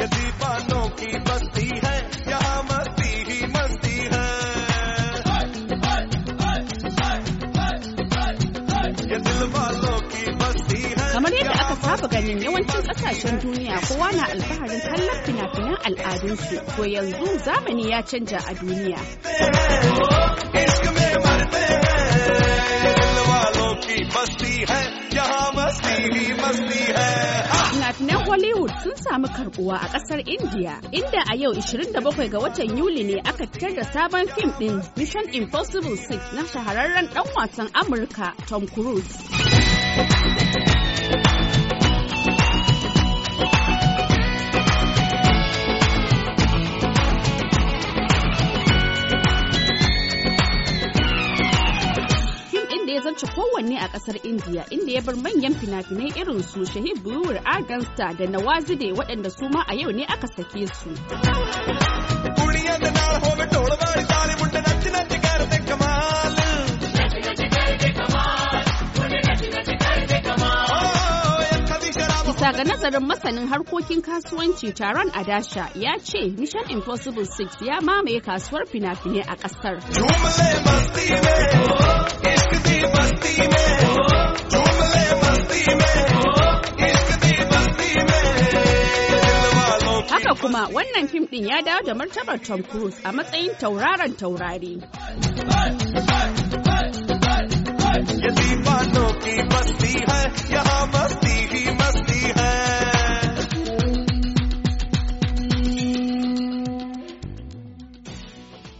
ये दीवानों की बस्ती है यहाँ मस्ती ही मस्ती है ये दिल वालों की बस्ती है kamar yadda aka saba ganin yawancin kasashen duniya kowa na alfaharin kallon fina-finan al'adunsu to yanzu zamani ya canja a duniya. बस्ती है यहाँ मस्ती ही मस्ती है na Hollywood sun samu karbuwa a kasar India, inda a yau 27 ga watan Yuli ne aka fitar da sabon fim din Mission Impossible 6 na shahararren dan wasan Amurka Tom Cruise. ya zarce kowanne a kasar India inda ya bar manyan fina-finai irin su Shahid Buwur Agansta da Nawazide waɗanda su ma a yau ne aka sake su. ga nazarin masanin harkokin kasuwanci taron adasha ya ce mission impossible 6 ya mamaye kasuwar fina-finai a kasar. Haka kuma wannan fim ɗin ya dawo da martabar Tom Cruise a matsayin tauraron taurari.